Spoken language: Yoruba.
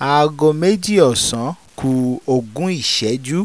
aago méjì ọ̀sán ku ogún ìṣẹ́jú